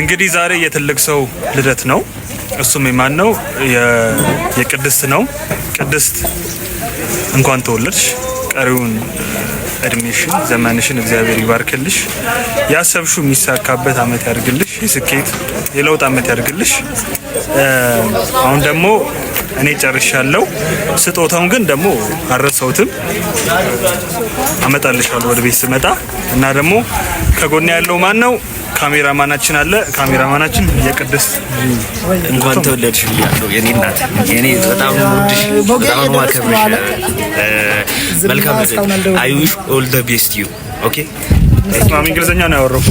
እንግዲህ ዛሬ የትልቅ ሰው ልደት ነው። እሱም የማን ነው? የቅድስት ነው። ቅድስት እንኳን ተወለድሽ። ቀሪውን እድሜሽን ዘመንሽን እግዚአብሔር ይባርክልሽ። ያሰብሹ የሚሳካበት አመት ያድርግልሽ። የስኬት የለውጥ አመት ያድርግልሽ። አሁን ደግሞ እኔ ጨርሻለሁ። ስጦታውን ግን ደግሞ አረሰውትም አመጣልሻለሁ ወደ ቤት ስመጣ እና ደግሞ ከጎን ያለው ማን ነው? ካሜራማናችን አለ። ካሜራማናችን የቅድስት እንኳን ተወለድሽ ብያለሁ። የኔ እናት የኔ በጣም ወድሽ በጣም ማከብርሽ። መልካም ነገር አይ ዊሽ ኦል ዘ ቤስት ዩ ኦኬ። ስማም እንግሊዘኛ ነው ያወራው።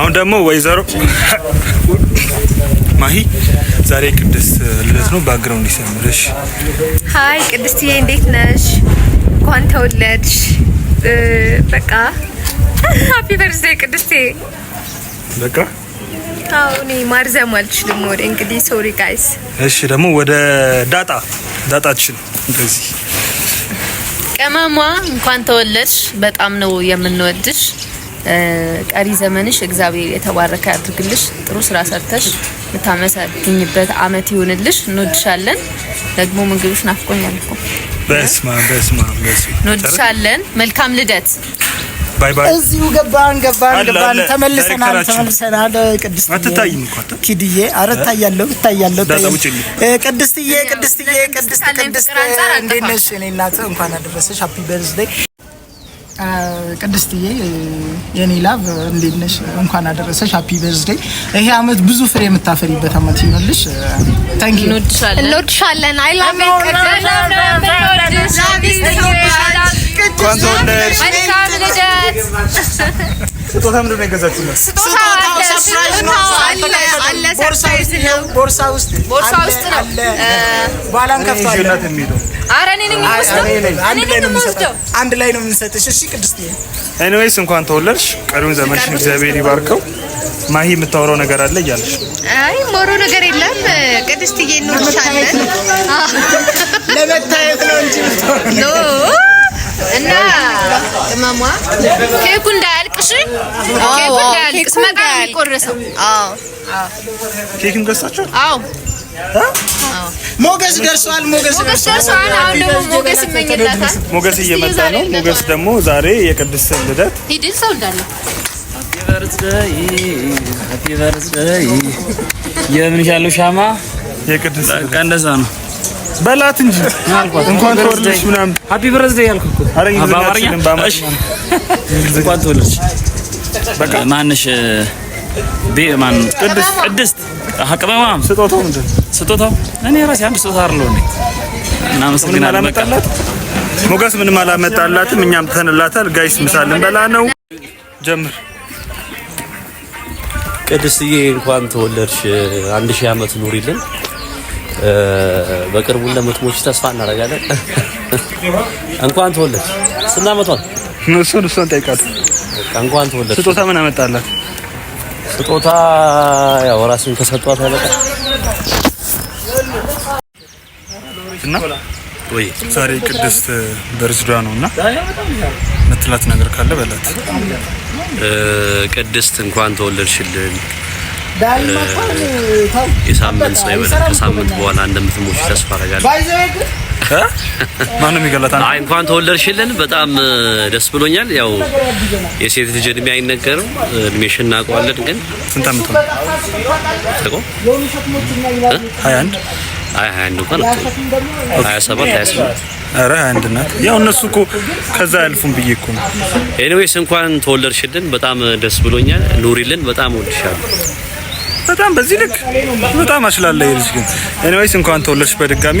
አሁን ደግሞ ወይዘሮ ማሂ ዛሬ ቅድስት ልደት ነው። ባክግራውንድ ይሰምርሽ። ሀይ ቅድስትዬ፣ እንዴት ነሽ? እንኳን ተወለድሽ። በቃ ሀፒ በርዝዴ ቅድስቴ በቃ አዎ፣ እኔ ማርዘም አልችልም። ወደ እንግዲህ ሶሪ ጋይስ። እሺ፣ ደግሞ ወደ ዳጣ ዳጣችን እንደዚህ ቀማማ እንኳን ተወለድሽ። በጣም ነው የምንወድሽ። ቀሪ ዘመንሽ እግዚአብሔር የተባረከ ያድርግልሽ። ጥሩ ስራ ሰርተሽ የምታመሰግኝበት አመት ይሁንልሽ። እንወድሻለን። ደግሞ ምግብሽ ናፍቆኛል እኮ። በስማ በስማ በስማ እንወድሻለን። መልካም ልደት እዚሁ ገባን ገባን ገባን፣ ተመልሰናል ተመልሰናል። ቅድስትዬ ኪድዬ፣ ኧረ እታያለሁ እታያለሁ። ቅድስትዬ ቅድስትዬ ቅድስት ቅድስት፣ እንዴት ነሽ? እኔ እናት እንኳን አደረሰሽ። ሃፒ በርዝዴይ ቅድስትዬ የኔ ላቭ እንዴት ነሽ? እንኳን አደረሰሽ። ሀፒ በርዝዴይ። ይሄ አመት ብዙ ፍሬ የምታፈሪበት አመት ይሆንልሽ። ታንክ ዩ። እንወድሻለን። አይ ላቭ ዩ። ስጦታ ምንድን ነው የገዛችሁት? ቦርሳ ውስጥ ነው። ቦርሳ ውስጥ ቦርሳ ውስጥ ነው። በኋላም ከፍቷል። ኧረ እኔ ነኝ የምወስደው። አንድ ላይ ነው የምንሰጥሽ። እሺ ቅድስት፣ ኤኒዌይስ እንኳን ተወለድሽ። ቀሪውን ዘመንሽን እግዚአብሔር ይባርከው። ማሂ የምታወራው ነገር አለ እያለሽ። አይ ሞሮ ነገር የለም ቅድስትዬ፣ እንወድሻለን። ለመታየት ነው እንጂ ኖ እና ቅመሟ ኬኩ እንዳያልቅሽ ኬክ ስመጣ የሚቆረሰው። አዎ ኬክም ገዝታችኋል? አዎ ሞገስ ደርሷል። ሞገስ ደርሷል። አሁን ደግሞ ሞገስ ይመኝላታል። ሞገስ እየመጣ ነው። ሞገስ ደግሞ ዛሬ የቅድስት ልደት ሂድን ሰው እንዳለ የምን ያለው ሻማ የቅድስት ነው በላት እንጂ እንኳን ተወለድሽ ምናምን ሀፒ በርዝዴይ አልኩት። አረ እንግሊዝኛ እንኳን ተወለድሽ ማንሽ ማን ቅድስት ቅመማ ስጦታው ምንድን ስጦታው? እኔ ራሴ አንድ ስጦታ አለው ነ እናመሰግናለን። ሞገስ ምንም አላመጣላትም፣ እኛም ትተንላታል። ጋይስ ምሳ ልንበላ ነው። ጀምር ቅድስትዬ፣ እንኳን ተወለድሽ። አንድ ሺህ ዓመት ኑሪልን። በቅርቡ እንደምትሞች ተስፋ እናደርጋለን። እንኳን ተወለድሽ። ስንት ዓመቷን? እሱን እሷን ጠይቃት እንኳን ተወለደ። ስጦታ ምን አመጣላት? ስጦታ ያው ራሱን ከሰጧት አለቃ እና ወይ ዛሬ ቅድስት በርዝዷ ነውና ምትላት ነገር ካለ በላት። ቅድስት እንኳን ተወለድሽልን የሳምንት ሰው ይበላል። ከሳምንት በኋላ እንደምትሞች ተስፋ አደርጋለሁ። ማንም ይገለታል። አይ እንኳን ተወለድሽልን በጣም ደስ ብሎኛል። ያው የሴት ልጅ እድሜ አይነገርም። እድሜሽን እናውቀዋለን። ግን ስንት ዓመት ነው? ሀያ አንድ አይ ሀያ አንድ እንኳን ሀያ ሰባት ሀያ ስምንት ኧረ አንድ ናት። ያው እነሱ እኮ ከዛ አያልፉም ብዬ እኮ ነው። ኤኒዌይስ እንኳን ተወለድሽልን በጣም ደስ ብሎኛል። ኑሪልን። በጣም እወድሻለሁ። በጣም በዚህ ልክ በጣም አሽላለ የልጅ ግን ኤኒዌይስ እንኳን ተወለድሽ በድጋሚ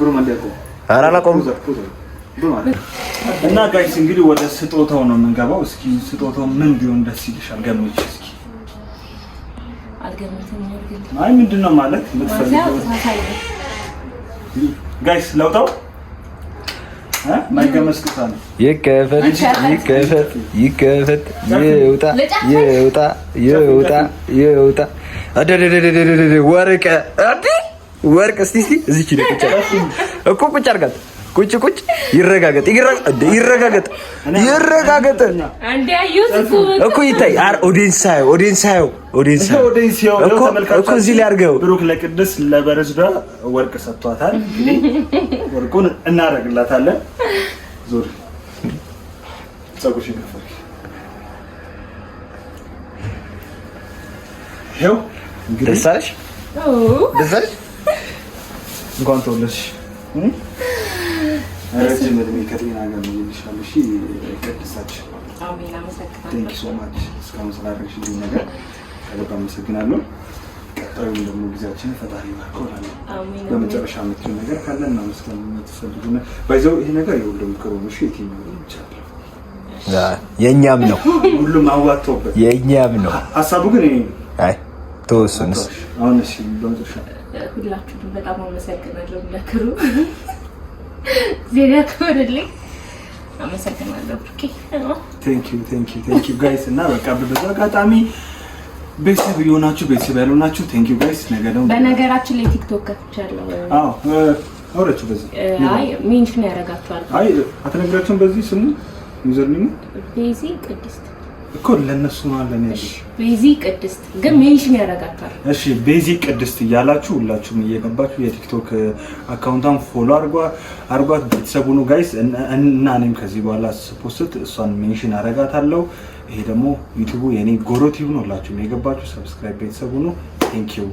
ኧረ አላውቀውም። እና ጋይስ እንግዲህ ወደ ስጦታው ነው የምንገባው። እስኪ ስጦታው ምን ቢሆን ደስ ይልሻል? ገምች እስኪ። አይ ምንድን ነው ማለት ጋይስ ለውጣው ይከፈት ይከፈት ይውጣ ይውጣ ይውጣ ይውጣ፣ ወርቀ ወርቅ እስቲ እስቲ እዚች ነው ቁጭ እኮ ቁጭ አድርጋት። ቁጭ ቁጭ ይረጋገጥ ይረጋገጥ ይረጋገጥ እኮ ይታይ። አር ኦዲንስ ሳይ ኦዲንስ ሳይ ኦዲንስ ኦዲንስ እኮ እኮ እዚህ ላይ አርገው ብሩክ ለቅድስ ለበረዝዳ ወርቅ ሰጥቷታል። እንግዲህ ወርቁን እናደርግላታለን። ዙር ጸጉሽ ይገፋል። ይሄው እንግዲህ ደስ አለሽ ደስ አለሽ እንኳን ተወለድሽ። ረጅም እድሜ ከጤና ጋር ይልሻል። እሺ ቅድሳችን ቴንክ ሶ ማች እስካሁን ስላደረግሽ እንዲህ ነገር ከልብ አመሰግናለሁ። ቀጣዩ ደግሞ ጊዜያችን ፈጣሪ ባርከላለ። በመጨረሻ የምትሉ ነገር ካለ እና መስከም የምትፈልጉ ባይዘው ይሄ ነገር የሁሉ ምክሩ ምሹ እሺ ይቻለ የእኛም ነው ሁሉም አዋጥቶበት የእኛም ነው ሀሳቡ ግን አይ ተወሱንስ አሁን እሺ በመጨረሻ ሁላችሁም በጣም አመሰግናለሁ። ለክሩ ዜና ክብርልኝ አመሰግናለሁ። ቴንክ ዩ ጋይስ እና በቃ በዛ አጋጣሚ ቤተሰብ የሆናችሁ ቤተሰብ ያልሆናችሁ ቴንክ ዩ ጋይስ። ነገ ደግሞ በነገራችን ላይ ቲክቶክ ከፍቻለሁ። አዎ አውራችሁ በዚህ አይ ሜንሽን ያደርጋችኋል። አይ አትነግራችሁም። በዚህ ስሙ ዩዘር ኔሙ ቤዚ ቅድስት እኮ ለነሱ ነው አለ ነው። ቤዚ ቅድስት ግን ሜንሽን ያደርጋታል። እሺ ቤዚ ቅድስት እያላችሁ ሁላችሁም እየገባችሁ የቲክቶክ አካውንቷን ፎሎ አርጓ አርጓት ቤተሰቡ ነው ጋይስ። እና እኔም ከዚህ በኋላ ስፖስት እሷን ሜንሽን አደርጋታለሁ። ይሄ ደግሞ ዩቲዩቡ የኔ ጎሮ ቲዩብ ነው። ሁላችሁም የገባችሁ ሰብስክራይብ ቤተሰቡ ነው። ቴንክ ዩ